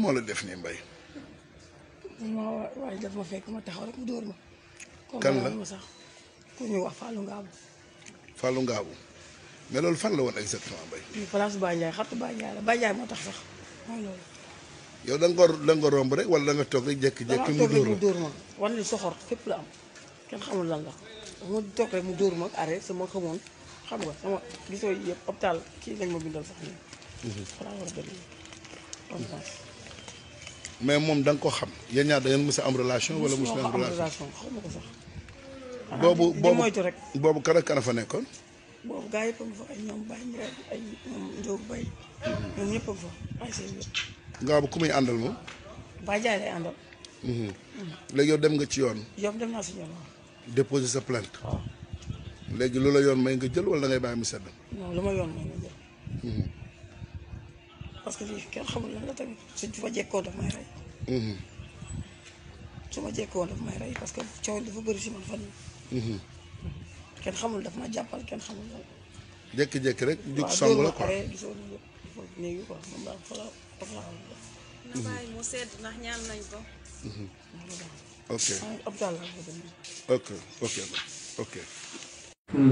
moo la def nii mbay. waaw daf ma fekk ma taxaw rek mu dóor ma. kan la comme sax ku ñu wax Fallou Ngabou. Fallou Ngabou mais loolu fan la woon exactement mbay. fii place Ba Ndiaye xaritu Ba moo tax sax mooy yow da nga ko da nga wala da nga toog rek jékki-jékki. mu dóor ma dóor ma wan li soxor fépp la am kenn xamul lan la mu toog rek mu dóor ma ak arrêt sama xamoon xam nga sama gisoo yëpp hôpital kii lañ ma bindal sax nii. Mhm. mais moom danga nga ko xam yéen ñaar da ngeen mës a am relation. wala mës a am relation boobu boobu boobu kan ak kan fa nekkoon. boobu gaa yëpp a ay ñoom Baye Mbaye ay ñoom Ndiob Baye. ñoom seen yëpp. gaaw ba ku muy àndal moom. Baye Ndiaye àndal. Mhm. Mhm. léegi yow dem nga ci yoon. yow dem naa si yoon waaw. déposer sa plainte. léegi lu la yoon may nga jël wala da ngay bàyyi mu sedd. non lu ma yoon may nga jël. Mhm. parce que lii kenn xamul lan la tamit su ma jekkoo daf may rey. Mhm. su ma jekkoo daf may rey parce que coow dafa bëri si man fan mhm. kenn xamul daf ma jàppal kenn xamul lan. jékki rek. jug song la néegi quoi moom mhm. ko. ok ok ok